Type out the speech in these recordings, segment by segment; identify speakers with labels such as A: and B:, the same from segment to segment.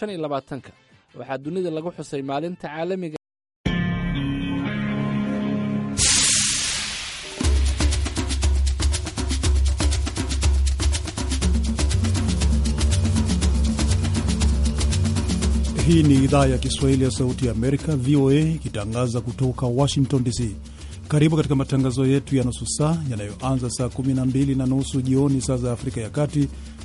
A: labaatanka waxaa dunida lagu xusay maalinta caalamiga Hii ni idhaa ya Kiswahili ya Sauti ya Amerika, VOA, ikitangaza kutoka Washington DC. Karibu katika matangazo yetu ya nusu saa yanayoanza saa 12 na nusu jioni saa za Afrika ya Kati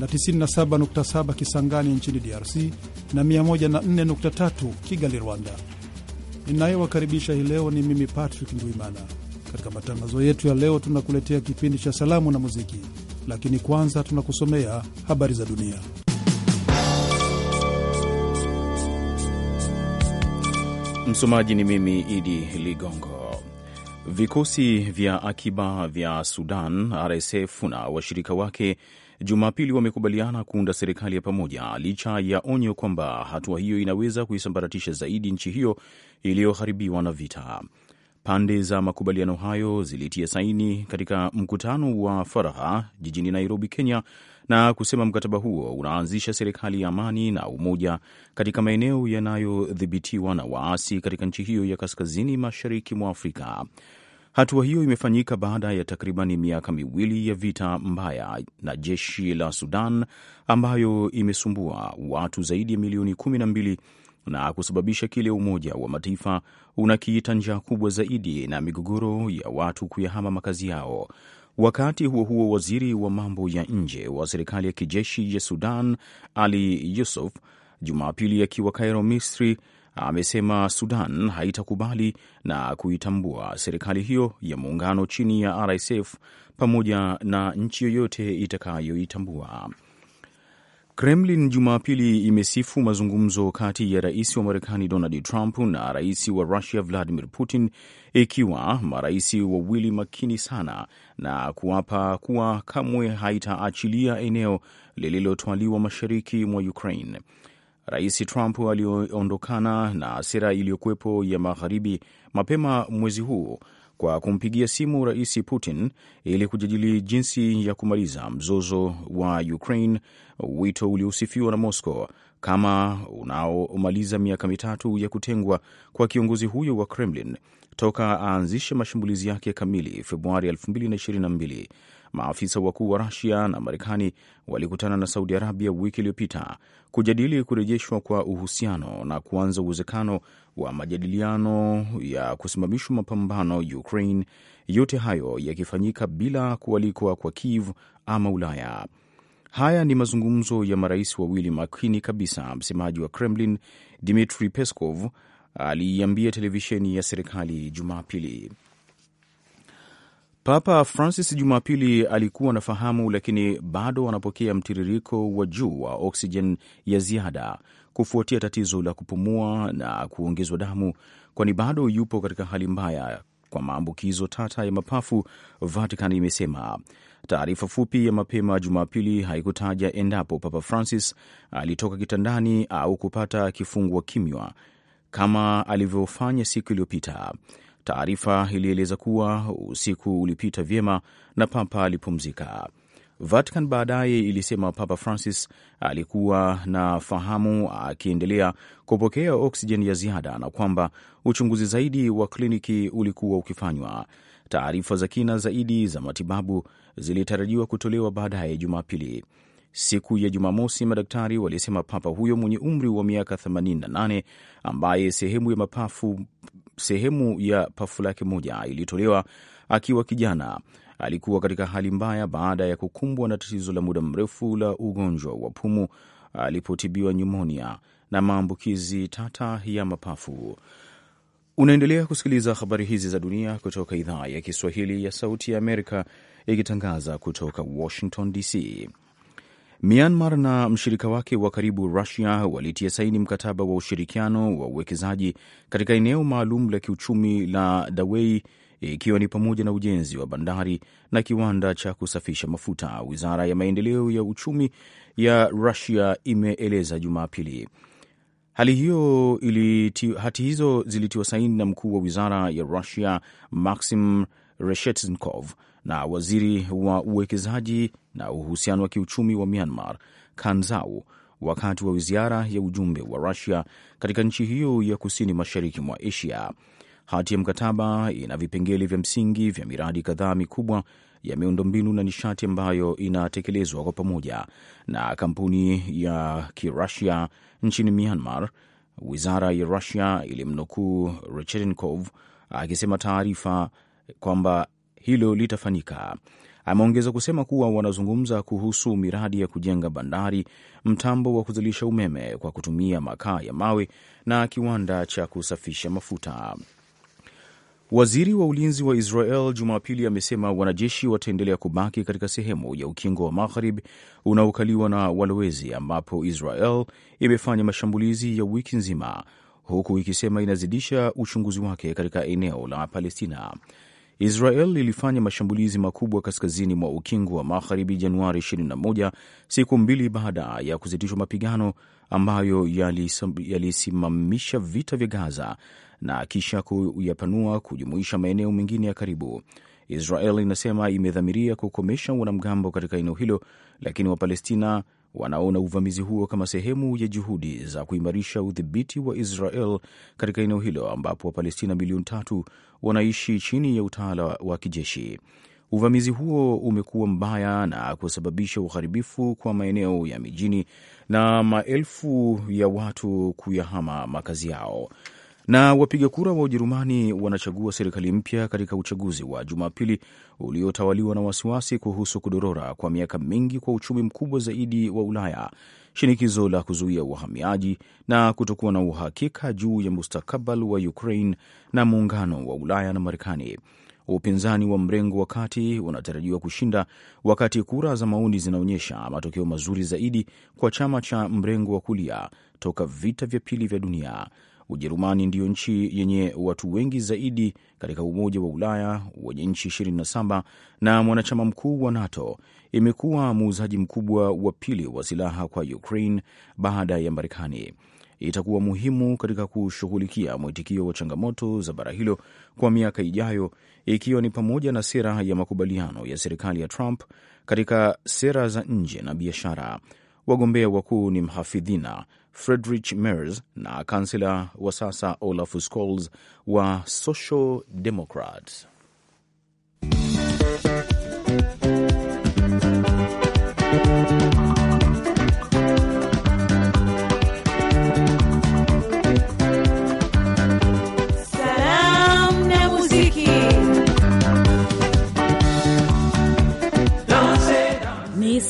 A: na 97.7 Kisangani nchini DRC na 104.3 Kigali, Rwanda. Ninayowakaribisha hii leo ni mimi Patrick Ndwimana. Katika matangazo yetu ya leo, tunakuletea kipindi cha salamu na muziki, lakini kwanza tunakusomea habari za dunia.
B: Msomaji ni mimi Idi Ligongo. Vikosi vya akiba vya Sudan, RSF, na washirika wake Jumapili wamekubaliana kuunda serikali ya pamoja licha ya onyo kwamba hatua hiyo inaweza kuisambaratisha zaidi nchi hiyo iliyoharibiwa na vita. Pande za makubaliano hayo zilitia saini katika mkutano wa faraha jijini Nairobi, Kenya, na kusema mkataba huo unaanzisha serikali ya amani na umoja katika maeneo yanayodhibitiwa na waasi katika nchi hiyo ya kaskazini mashariki mwa Afrika. Hatua hiyo imefanyika baada ya takribani miaka miwili ya vita mbaya na jeshi la Sudan ambayo imesumbua watu zaidi ya milioni kumi na mbili na kusababisha kile Umoja wa Mataifa unakiita njaa kubwa zaidi na migogoro ya watu kuyahama makazi yao. Wakati huo huo, waziri wa mambo ya nje wa serikali ya kijeshi ya Sudan Ali Yusuf Jumapili akiwa Kairo, Misri amesema Sudan haitakubali na kuitambua serikali hiyo ya muungano chini ya RSF pamoja na nchi yoyote itakayoitambua. Kremlin Jumapili imesifu mazungumzo kati ya rais wa Marekani Donald Trump na rais wa Russia Vladimir Putin, ikiwa marais wawili makini sana na kuapa kuwa kamwe haitaachilia eneo lililotwaliwa mashariki mwa Ukraine. Rais Trump aliondokana na asira iliyokuwepo ya magharibi mapema mwezi huu kwa kumpigia simu Rais Putin ili kujadili jinsi ya kumaliza mzozo wa Ukraine, wito uliosifiwa na Moscow kama unaomaliza miaka mitatu ya kutengwa kwa kiongozi huyo wa Kremlin toka aanzishe mashambulizi yake kamili Februari 2022. Maafisa wakuu wa Rusia na Marekani walikutana na Saudi Arabia wiki iliyopita kujadili kurejeshwa kwa uhusiano na kuanza uwezekano wa majadiliano ya kusimamishwa mapambano Ukraine, yote hayo yakifanyika bila kualikwa kwa Kiev ama Ulaya. Haya ni mazungumzo ya marais wawili makini kabisa, msemaji wa Kremlin Dmitri Peskov aliiambia televisheni ya serikali Jumapili. Papa Francis Jumapili alikuwa na fahamu lakini bado wanapokea mtiririko wa juu wa oksijen ya ziada kufuatia tatizo la kupumua na kuongezwa damu, kwani bado yupo katika hali mbaya kwa maambukizo tata ya mapafu, Vatican imesema. Taarifa fupi ya mapema Jumapili haikutaja endapo Papa Francis alitoka kitandani au kupata kifungua kimywa kama alivyofanya siku iliyopita. Taarifa ilieleza kuwa usiku ulipita vyema na papa alipumzika. Vatican baadaye ilisema Papa Francis alikuwa na fahamu akiendelea kupokea oksijeni ya ziada na kwamba uchunguzi zaidi wa kliniki ulikuwa ukifanywa. Taarifa za kina zaidi za matibabu zilitarajiwa kutolewa baadaye Jumapili. Siku ya Jumamosi, madaktari walisema papa huyo mwenye umri wa miaka 88 ambaye sehemu ya mapafu sehemu ya pafu lake moja ilitolewa akiwa kijana. Alikuwa katika hali mbaya baada ya kukumbwa na tatizo la muda mrefu la ugonjwa wa pumu alipotibiwa nyumonia na maambukizi tata ya mapafu. Unaendelea kusikiliza habari hizi za dunia kutoka idhaa ya Kiswahili ya Sauti ya Amerika, ikitangaza kutoka Washington DC. Myanmar na mshirika wake wa karibu Rusia walitia saini mkataba wa ushirikiano wa uwekezaji katika eneo maalum la kiuchumi la Dawei ikiwa ni pamoja na ujenzi wa bandari na kiwanda cha kusafisha mafuta. Wizara ya maendeleo ya uchumi ya Rusia imeeleza Jumapili hali hiyo iliti, hati hizo zilitiwa saini na mkuu wa wizara ya Rusia Maxim Reshetnikov na waziri wa uwekezaji na uhusiano wa kiuchumi wa Myanmar Kanzau wakati wa ziara ya ujumbe wa Rusia katika nchi hiyo ya kusini mashariki mwa Asia. Hati ya mkataba ina vipengele vya msingi vya miradi kadhaa mikubwa ya miundombinu na nishati ambayo inatekelezwa kwa pamoja na kampuni ya Kirusia nchini Myanmar. Wizara ya Rusia ilimnukuu Rechenkov akisema taarifa kwamba hilo litafanyika. Ameongeza kusema kuwa wanazungumza kuhusu miradi ya kujenga bandari, mtambo wa kuzalisha umeme kwa kutumia makaa ya mawe na kiwanda cha kusafisha mafuta. Waziri wa ulinzi wa Israel Jumapili amesema wanajeshi wataendelea kubaki katika sehemu ya ukingo wa magharibi unaokaliwa na walowezi ambapo Israel imefanya mashambulizi ya wiki nzima, huku ikisema inazidisha uchunguzi wake katika eneo la Palestina. Israel ilifanya mashambulizi makubwa kaskazini mwa ukingo wa magharibi Januari 21, siku mbili baada ya kusitishwa mapigano ambayo yalisimamisha yali vita vya Gaza na kisha kuyapanua kujumuisha maeneo mengine ya karibu. Israel inasema imedhamiria kukomesha wanamgambo katika eneo hilo, lakini Wapalestina wanaona uvamizi huo kama sehemu ya juhudi za kuimarisha udhibiti wa Israel katika eneo hilo ambapo Wapalestina milioni tatu wanaishi chini ya utawala wa kijeshi. Uvamizi huo umekuwa mbaya na kusababisha uharibifu kwa maeneo ya mijini na maelfu ya watu kuyahama makazi yao. Na wapiga kura wa Ujerumani wanachagua serikali mpya katika uchaguzi wa Jumapili uliotawaliwa na wasiwasi kuhusu kudorora kwa miaka mingi kwa uchumi mkubwa zaidi wa Ulaya, shinikizo la kuzuia uhamiaji na kutokuwa na uhakika juu ya mustakabali wa Ukraine na muungano wa Ulaya na Marekani. Upinzani wa mrengo wa kati unatarajiwa kushinda, wakati kura za maoni zinaonyesha matokeo mazuri zaidi kwa chama cha mrengo wa kulia toka vita vya pili vya dunia. Ujerumani ndiyo nchi yenye watu wengi zaidi katika Umoja wa Ulaya wenye nchi 27 na mwanachama mkuu wa NATO, imekuwa muuzaji mkubwa wa pili wa silaha kwa Ukraine baada ya Marekani. Itakuwa muhimu katika kushughulikia mwitikio wa changamoto za bara hilo kwa miaka ijayo, ikiwa ni pamoja na sera ya makubaliano ya serikali ya Trump katika sera za nje na biashara. Wagombea wakuu ni mhafidhina Friedrich Merz na kansela wa sasa Olaf Scholz wa Social Democrats.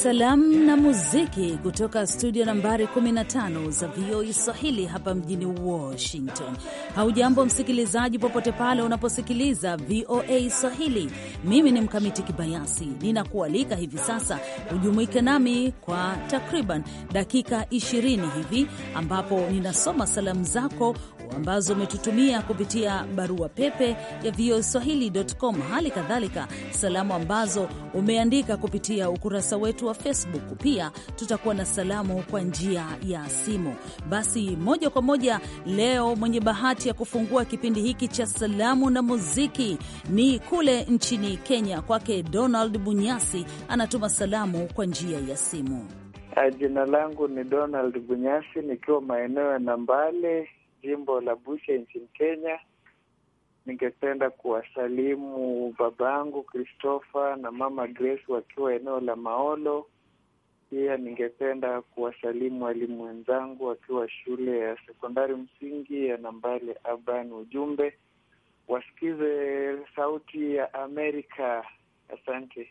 C: salamu na muziki kutoka studio nambari 15 za VOA e Swahili hapa mjini Washington. Haujambo msikilizaji, popote pale unaposikiliza VOA e Swahili. Mimi ni Mkamiti Kibayasi, ninakualika hivi sasa hujumuike nami kwa takriban dakika 20 hivi, ambapo ninasoma salamu zako ambazo umetutumia kupitia barua pepe ya swahilicom hali kadhalika salamu ambazo umeandika kupitia ukurasa wetu wa Facebook. Pia tutakuwa na salamu kwa njia ya simu. Basi moja kwa moja leo mwenye bahati ya kufungua kipindi hiki cha salamu na muziki ni kule nchini Kenya, kwake Donald Bunyasi anatuma salamu kwa njia ya simu.
A: Jina langu ni Donald Bunyasi nikiwa maeneo ya Nambale jimbo la Busia nchini Kenya. Ningependa kuwasalimu babangu Christopher na mama Grace wakiwa eneo la Maolo. Pia ningependa kuwasalimu walimu wenzangu wakiwa shule ya sekondari msingi ya Nambale Aban. Ujumbe wasikize Sauti ya Amerika. Asante.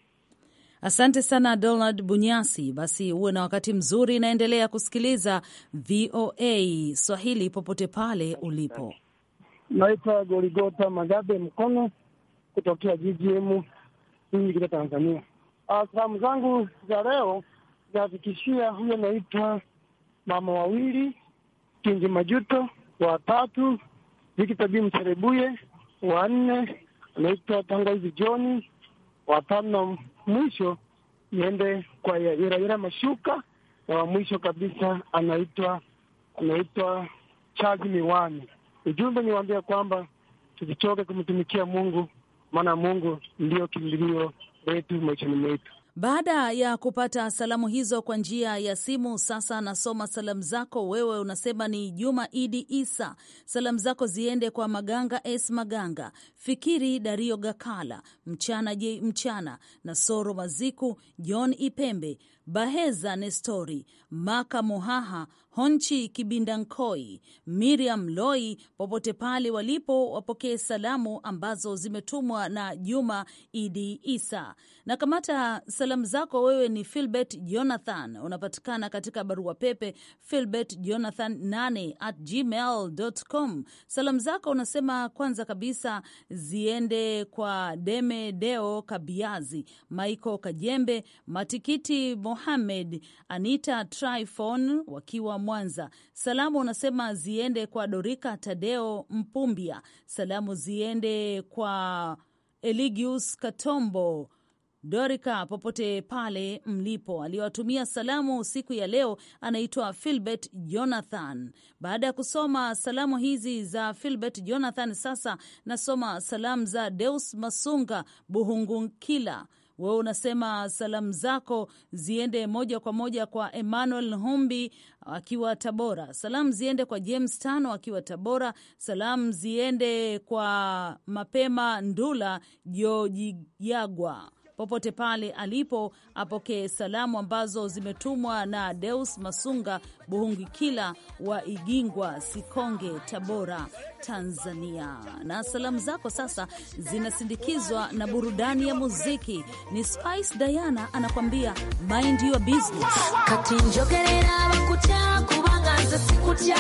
C: Asante sana Donald Bunyasi. Basi uwe na wakati mzuri, naendelea kusikiliza VOA Swahili popote pale ulipo.
A: Naitwa Gorigota Magabe Mkono kutokea GGM Singida, Tanzania. Ah, salamu zangu za leo zafikishia huyo anaitwa mama wawili Kingi Majuto, watatu Vikitabii Mcherebuye, wanne anaitwa Tangaizi Joni, watano mwisho iende kwa Yayiraira Mashuka, na wa mwisho kabisa anaitwa anaitwa Chazi Miwani. Ujumbe niwaambia kwamba tusichoke kumtumikia Mungu, maana Mungu ndiyo kimbilio letu maishani mwetu. Baada
C: ya kupata salamu hizo kwa njia ya simu, sasa anasoma salamu zako. Wewe unasema ni Juma Idi Isa. Salamu zako ziende kwa Maganga S Maganga, Fikiri Dario Gakala, Mchana J Mchana, Nasoro Maziku, John Ipembe Baheza Nestori, Maka Mohaha, Honchi Kibindankoi, Miriam Loi, popote pale walipo wapokee salamu ambazo zimetumwa na Juma Idi Isa. Na kamata salamu zako wewe ni Filbert Jonathan, unapatikana katika barua pepe filbert Jonathan 8 at gmail.com. Salamu zako unasema kwanza kabisa ziende kwa Deme Deo Kabiazi, Maiko Kajembe, Matikiti Mohamed Mohamed, Anita tryfon wakiwa Mwanza. Salamu unasema ziende kwa Dorika Tadeo Mpumbia, salamu ziende kwa Eligius Katombo Dorika popote pale mlipo. Aliyowatumia salamu siku ya leo anaitwa Filbert Jonathan. Baada ya kusoma salamu hizi za Filbert Jonathan, sasa nasoma salamu za Deus Masunga Buhungunkila wewe unasema salamu zako ziende moja kwa moja kwa Emmanuel Humbi akiwa Tabora, salamu ziende kwa James Tano akiwa Tabora, salamu ziende kwa Mapema Ndula Jojigagwa popote pale alipo apokee salamu ambazo zimetumwa na Deus Masunga Buhungikila wa Igingwa, Sikonge, Tabora, Tanzania. Na salamu zako sasa zinasindikizwa na burudani ya muziki. Ni Spice Diana anakwambia mind your business kati
D: kubangaza sikuta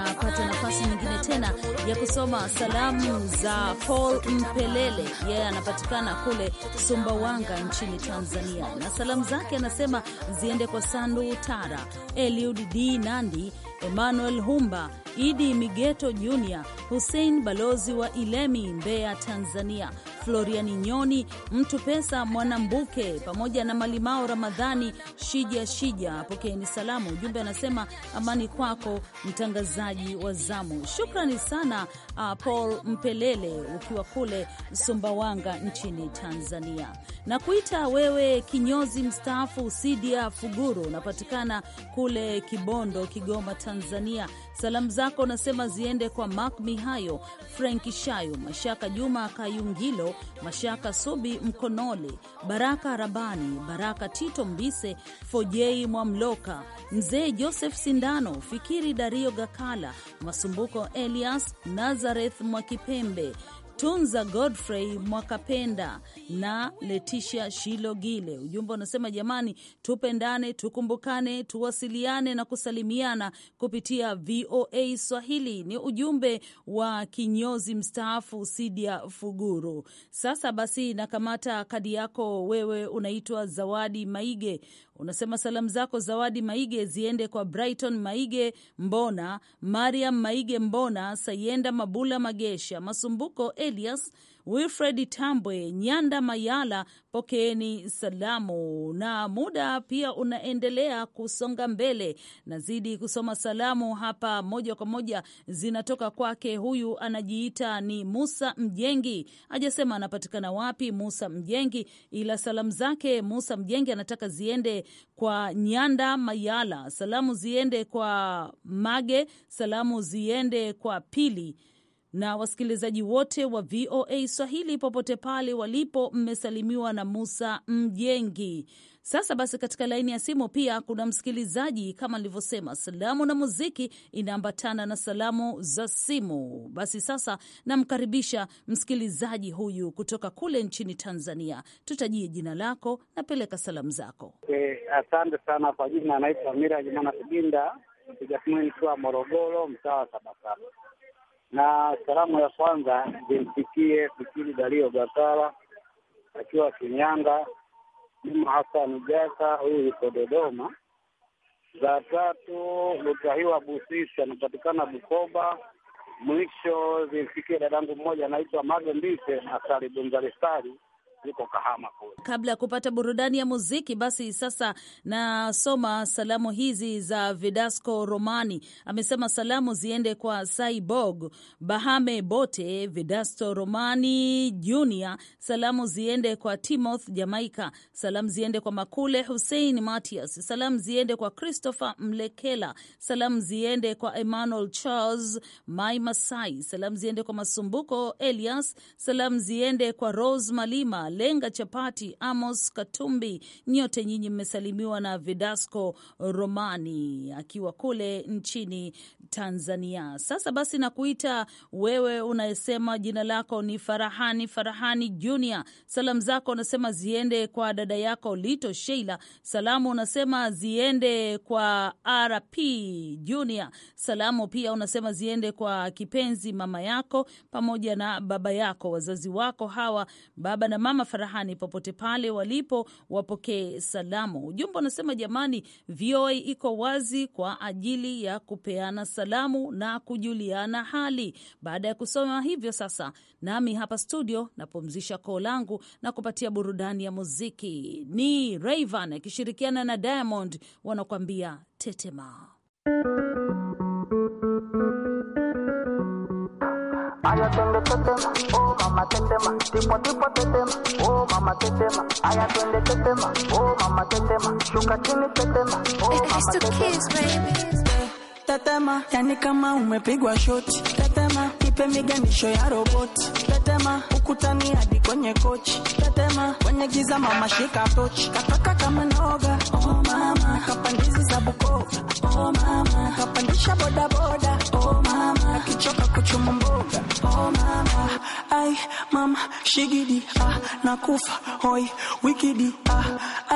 D: napata nafasi nyingine
C: tena ya kusoma salamu za Paul Mpelele, yeye yeah, anapatikana kule Sumbawanga nchini Tanzania, na salamu zake anasema ziende kwa Sandu Tara, Eliud D Nandi, Emmanuel Humba, Idi Migeto Junior, Hussein balozi wa Ilemi, Mbeya, Tanzania Floriani Nyoni, Mtu Pesa Mwanambuke pamoja na Malimao Ramadhani Shija Shija, pokeeni salamu. Ujumbe anasema amani kwako mtangazaji wa zamu. Shukrani sana uh, Paul Mpelele ukiwa kule Sumbawanga nchini Tanzania, na kuita wewe kinyozi mstaafu Sidia Fuguru, unapatikana kule Kibondo, Kigoma, Tanzania. Salamu zako unasema ziende kwa Mark Mihayo, Frank Shayo, Mashaka Juma Kayungilo, Mashaka Subi Mkonole, Baraka Rabani, Baraka Tito Mbise, Fojei Mwamloka, Mzee Joseph Sindano, Fikiri Dario Gakala, Masumbuko Elias, Naz Nazareth Mwakipembe, Tunza Godfrey Mwakapenda na Leticia Shilogile. Ujumbe unasema jamani, tupendane, tukumbukane, tuwasiliane na kusalimiana kupitia VOA Swahili. Ni ujumbe wa kinyozi mstaafu Sidia Fuguru. Sasa basi, nakamata kadi yako wewe, unaitwa Zawadi Maige Unasema salamu zako Zawadi Maige ziende kwa Brighton Maige Mbona, Mariam Maige Mbona, Sayenda Mabula Magesha, Masumbuko Elias Wilfred Tambwe, Nyanda Mayala, pokeeni salamu. Na muda pia unaendelea kusonga mbele, nazidi kusoma salamu hapa moja kwa moja, zinatoka kwake. Huyu anajiita ni Musa Mjengi, hajasema anapatikana wapi Musa Mjengi, ila salamu zake Musa Mjengi anataka ziende kwa Nyanda Mayala, salamu ziende kwa Mage, salamu ziende kwa Pili na wasikilizaji wote wa VOA Swahili popote pale walipo, mmesalimiwa na Musa Mjengi. Sasa basi, katika laini ya simu pia kuna msikilizaji. Kama nilivyosema, salamu na muziki inaambatana na salamu za simu. Basi sasa namkaribisha msikilizaji huyu kutoka kule nchini Tanzania. Tutajie jina lako, napeleka salamu zako.
A: Eh, asante sana kwa jina. Anaitwa Miraji Mwana Kibinda, piga simu nikiwa Morogoro, mtaa wa Sabasaba na salamu ya kwanza zimfikie Fikiri Dalio Gakala akiwa kinyanga Juma Hasani Jaka, huyu yuko Dodoma. Za tatu Lutahiwa Busisi, anapatikana Bukoba. Mwisho zimfikie dadangu mmoja anaitwa Mage Mbise Asali Bunzalisali niko Kahama kule.
C: Kabla ya kupata burudani ya muziki, basi sasa nasoma salamu hizi za Vidasco Romani. Amesema salamu ziende kwa Cyborg Bahame Bote, Vidasto Romani Junior. Salamu ziende kwa Timoth Jamaica. Salamu ziende kwa Makule Hussein Matias. Salamu ziende kwa Christopher Mlekela. Salamu ziende kwa Emmanuel Charles Mai Masai. Salamu ziende kwa Masumbuko Elias. Salamu ziende kwa Rose Malima lenga Chapati, Amos Katumbi, nyote nyinyi mmesalimiwa na Vedasco Romani akiwa kule nchini Tanzania. Sasa basi, nakuita wewe unayesema jina lako ni Farahani Farahani Junior. Salamu zako unasema ziende kwa dada yako Lito Sheila. Salamu unasema ziende kwa RP Junior. Salamu pia unasema ziende kwa kipenzi mama yako pamoja na baba yako, wazazi wako hawa, baba na mama Salma Farahani popote pale walipo, wapokee salamu. Ujumbe unasema jamani, VOA iko wazi kwa ajili ya kupeana salamu na kujuliana hali. Baada ya kusoma hivyo, sasa nami hapa studio napumzisha koo langu na kupatia burudani ya muziki. Ni Rayvan akishirikiana na Diamond wanakuambia Tetema.
E: aya twende tetema, oh mama tetema, tipo tipo tetema, oh mama tetema, aya twende tetema, oh mama tetema, shuka chini tetema, oh mama tetema. Tetema, yani kama umepigwa shoti. Tetema, ipe miganisho ya roboti. Tetema, ukutani hadi kwenye kochi. Tetema, kwenye giza mama shika tochi. Kataka kama noga, oh mama, kapandizi shigidi ah nakufa hoi wikidi ah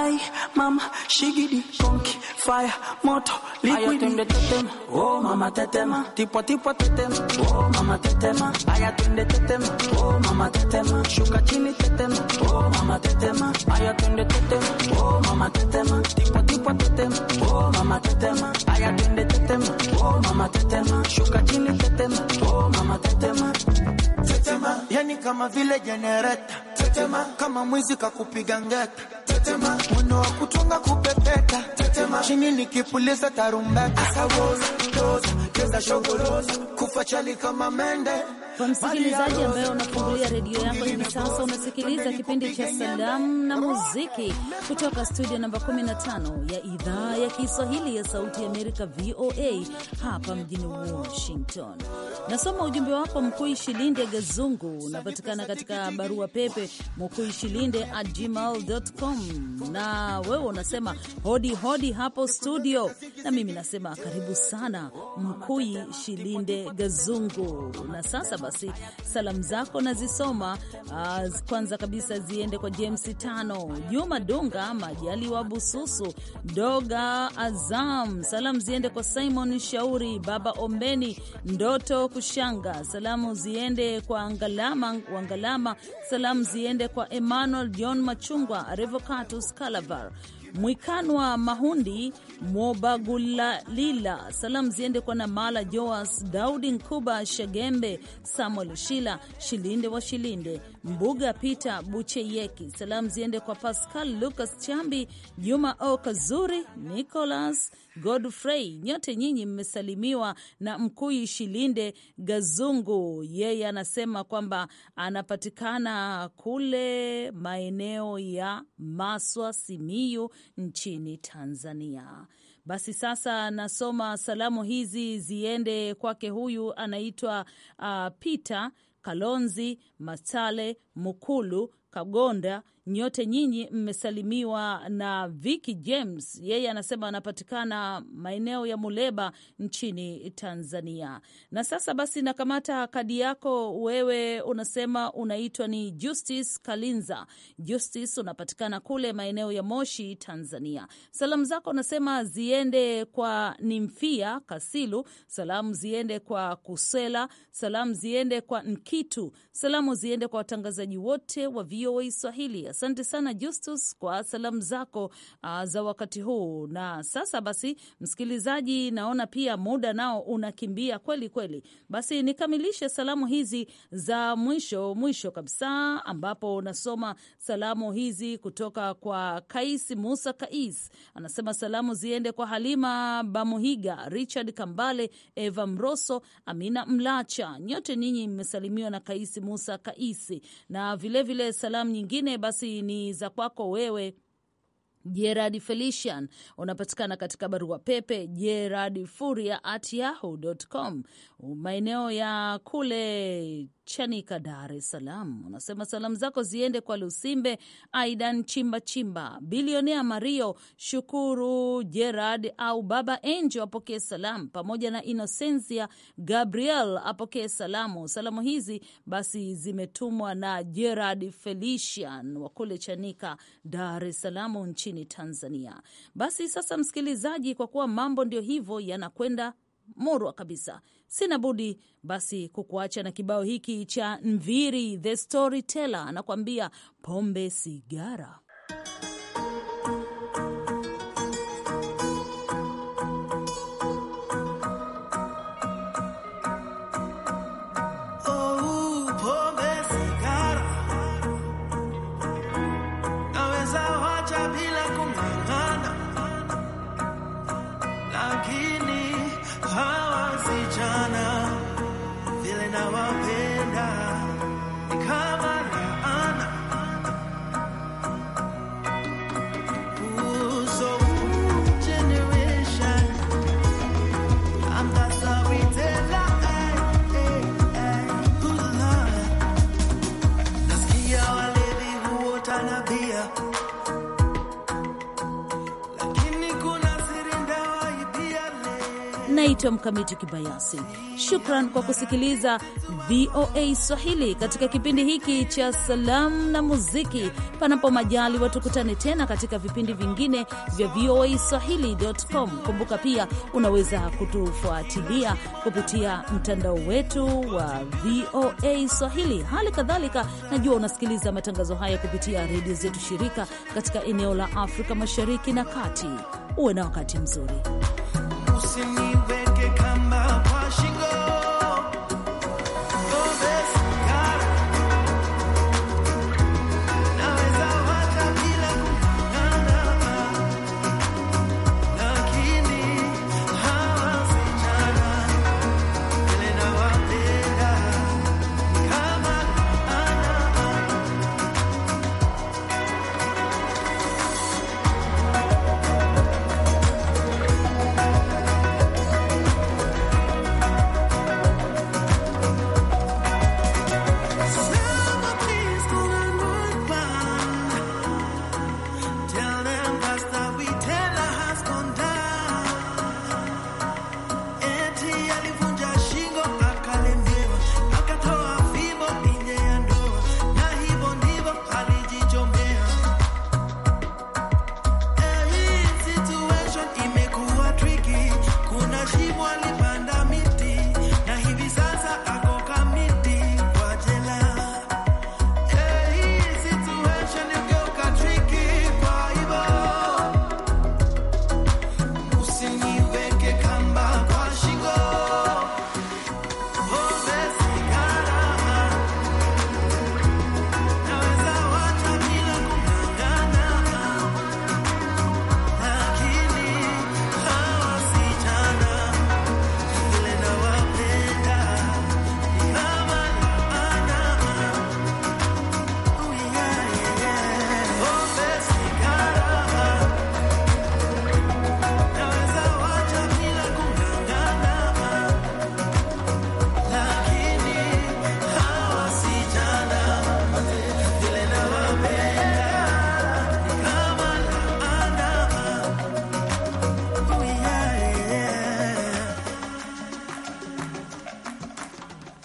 E: ai mama shigidi konki fire moto liquidi tetema oh mama tetema tipo tipo tetema oh mama tetema aya tunde tetema oh mama tetema shuka chini tetema oh mama tetema aya tunde tetema oh mama tetema tipo tipo tetema oh mama tetema aya tunde tetema oh mama tetema shuka chini tetema oh mama tetema Tetema, yani kama vile jenereta tetema, kama mwizi kakupiga ngeta tetema, mwendo wa kutunga kupepeta tetema, chini nikipuliza tarumbeta kufa chali kama mende. Kwa msikilizaji ambaye unafungulia redio yako hivi sasa, unasikiliza kipindi cha salamu
C: na oh. muziki kutoka studio namba 15 ya idhaa ya Kiswahili ya Sauti ya Amerika, VOA hapa mjini Washington. Nasoma ujumbe wako Mkuu Ishilinde Gazungu Mungu. Unapatikana katika barua pepe mukuishilinde at gmail.com, na wewe unasema hodi hodi hapo studio, na mimi nasema karibu sana Mkui Shilinde Gazungu. Na sasa basi, salamu zako nazisoma. Uh, kwanza kabisa ziende kwa James Tano, Juma Dunga, Majali wa Bususu, Doga Azam. Salamu ziende kwa Simon Shauri, Baba Ombeni, Ndoto Kushanga. Salamu ziende kwa Anga Ngalama wa Ngalama. Salamu ziende kwa Emmanuel John Machungwa, Revocatus Calavar, Mwikanwa Mahundi Mwobagulalila. Salamu ziende kwa Namala Joas, Daudi Nkuba, Shagembe Samuel Shila, Shilinde wa Shilinde, Mbuga Peter Bucheyeki. Salamu ziende kwa Pascal Lucas Chambi, Juma O Kazuri, Nicolas Godfrey. Nyote nyinyi mmesalimiwa na Mkuyi Shilinde Gazungu. Yeye anasema kwamba anapatikana kule maeneo ya Maswa, Simiyu nchini Tanzania. Basi sasa nasoma salamu hizi ziende kwake, huyu anaitwa uh, Peter Kalonzi Matale Mukulu Kagonda nyote nyinyi mmesalimiwa na Vicky James. Yeye anasema anapatikana maeneo ya Muleba nchini Tanzania. Na sasa basi, nakamata kadi yako wewe, unasema unaitwa ni Justice Kalinza. Justice, unapatikana kule maeneo ya Moshi, Tanzania. Salamu zako unasema ziende kwa Nimfia Kasilu, salamu ziende kwa Kusela, salamu ziende kwa Nkitu, salamu ziende kwa watangazaji wote wa VOA Swahili. Asante sana Justus kwa salamu zako uh, za wakati huu. Na sasa basi, msikilizaji, naona pia muda nao unakimbia kweli kweli, basi nikamilishe salamu hizi za mwisho mwisho kabisa, ambapo nasoma salamu hizi kutoka kwa Kais Musa Kais, anasema salamu ziende kwa Halima Bamuhiga, Richard Kambale, Eva Mroso, Amina Mlacha, nyote ninyi mmesalimiwa na kaisi Musa Kaisi, na vilevile vile salamu nyingine basi basi ni za kwako wewe. Gerard Felician unapatikana katika barua pepe gerard furia at yahoo.com, maeneo ya kule Chanika, Dar es Salaam. Unasema salamu zako ziende kwa Lusimbe Aidan Chimba Chimba, bilionea Mario Shukuru, Gerard au Baba Enjo apokee salamu, pamoja na Inosensia Gabriel apokee salamu. Salamu hizi basi zimetumwa na Gerard Felician wa kule Chanika, Dar es Salaam nchini Tanzania. Basi sasa, msikilizaji, kwa kuwa mambo ndio hivyo yanakwenda morwa kabisa. Sina budi basi kukuacha na kibao hiki cha Mviri the Storyteller anakuambia pombe sigara naitwa Mkamiti Kibayasi. Shukran kwa kusikiliza VOA Swahili katika kipindi hiki cha salamu na muziki. Panapo majali watukutane tena katika vipindi vingine vya VOA Swahili.com. Kumbuka pia unaweza kutufuatilia kupitia mtandao wetu wa VOA Swahili. Hali kadhalika, najua unasikiliza matangazo haya kupitia redio zetu shirika katika eneo la Afrika Mashariki na Kati. Uwe na wakati mzuri.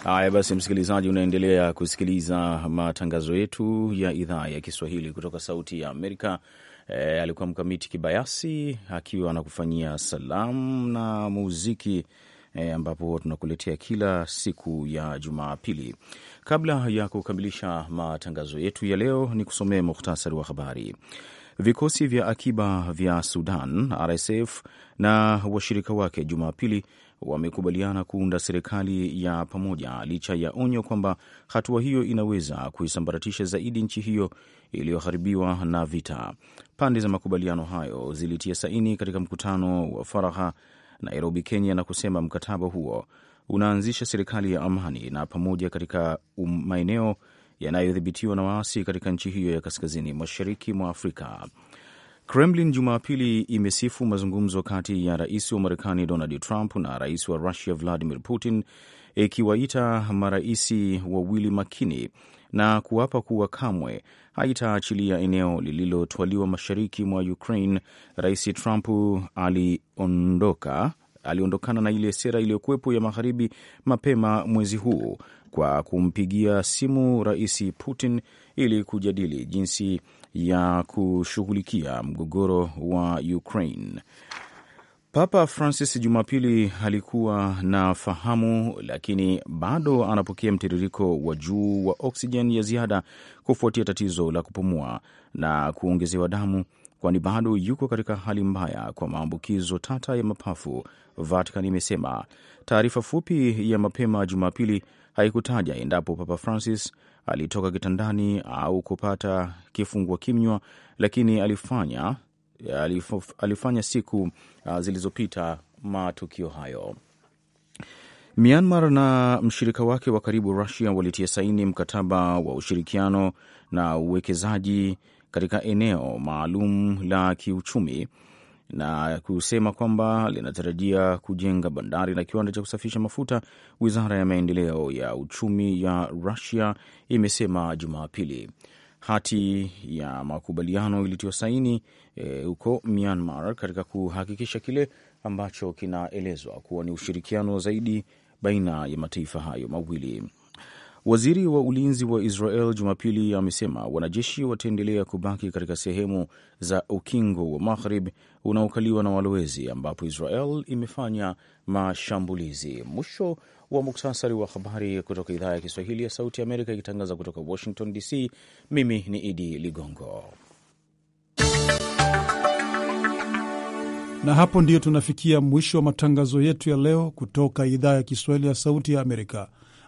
B: Haya basi, msikilizaji, unaendelea kusikiliza matangazo yetu ya idhaa ya Kiswahili kutoka Sauti ya Amerika. E, alikuwa Mkamiti Kibayasi akiwa anakufanyia salamu na muziki e, ambapo tunakuletea kila siku ya Jumapili. Kabla ya kukamilisha matangazo yetu ya leo, ni kusomea muhtasari wa habari. Vikosi vya akiba vya Sudan RSF na washirika wake Jumapili wamekubaliana kuunda serikali ya pamoja licha ya onyo kwamba hatua hiyo inaweza kuisambaratisha zaidi nchi hiyo iliyoharibiwa na vita. Pande za makubaliano hayo zilitia saini katika mkutano wa faragha Nairobi, Kenya, na kusema mkataba huo unaanzisha serikali ya amani na pamoja katika um, maeneo yanayodhibitiwa na waasi katika nchi hiyo ya kaskazini mashariki mwa Afrika. Kremlin Jumapili imesifu mazungumzo kati ya rais wa Marekani Donald Trump na rais wa Russia Vladimir Putin, ikiwaita maraisi wawili makini na kuapa kuwa kamwe haitaachilia eneo lililotwaliwa mashariki mwa Ukraine. Rais Trump aliondoka aliondokana na ile sera iliyokuwepo ya magharibi mapema mwezi huu kwa kumpigia simu rais Putin ili kujadili jinsi ya kushughulikia mgogoro wa Ukraine. Papa Francis Jumapili alikuwa na fahamu, lakini bado anapokea mtiririko wa juu wa oksijen ya ziada kufuatia tatizo la kupumua na kuongezewa damu, kwani bado yuko katika hali mbaya kwa maambukizo tata ya mapafu, Vatican imesema. Taarifa fupi ya mapema Jumapili haikutaja endapo Papa Francis alitoka kitandani au kupata kifungua kinywa, lakini alifanya, alifof, alifanya siku uh, zilizopita matukio hayo. Myanmar na mshirika wake wa karibu Rusia walitia saini mkataba wa ushirikiano na uwekezaji katika eneo maalum la kiuchumi na kusema kwamba linatarajia kujenga bandari na kiwanda cha kusafisha mafuta. Wizara ya maendeleo ya uchumi ya Rusia imesema Jumapili hati ya makubaliano iliyotiwa saini e, huko e, Myanmar katika kuhakikisha kile ambacho kinaelezwa kuwa ni ushirikiano zaidi baina ya mataifa hayo mawili. Waziri wa ulinzi wa Israel Jumapili amesema wanajeshi wataendelea kubaki katika sehemu za ukingo wa Maghrib unaokaliwa na walowezi ambapo Israel imefanya mashambulizi. Mwisho wa muktasari wa habari kutoka idhaa ya Kiswahili ya Sauti ya Amerika ikitangaza kutoka Washington DC. Mimi ni Idi Ligongo,
A: na hapo ndiyo tunafikia mwisho wa matangazo yetu ya leo kutoka idhaa ya Kiswahili ya Sauti ya Amerika.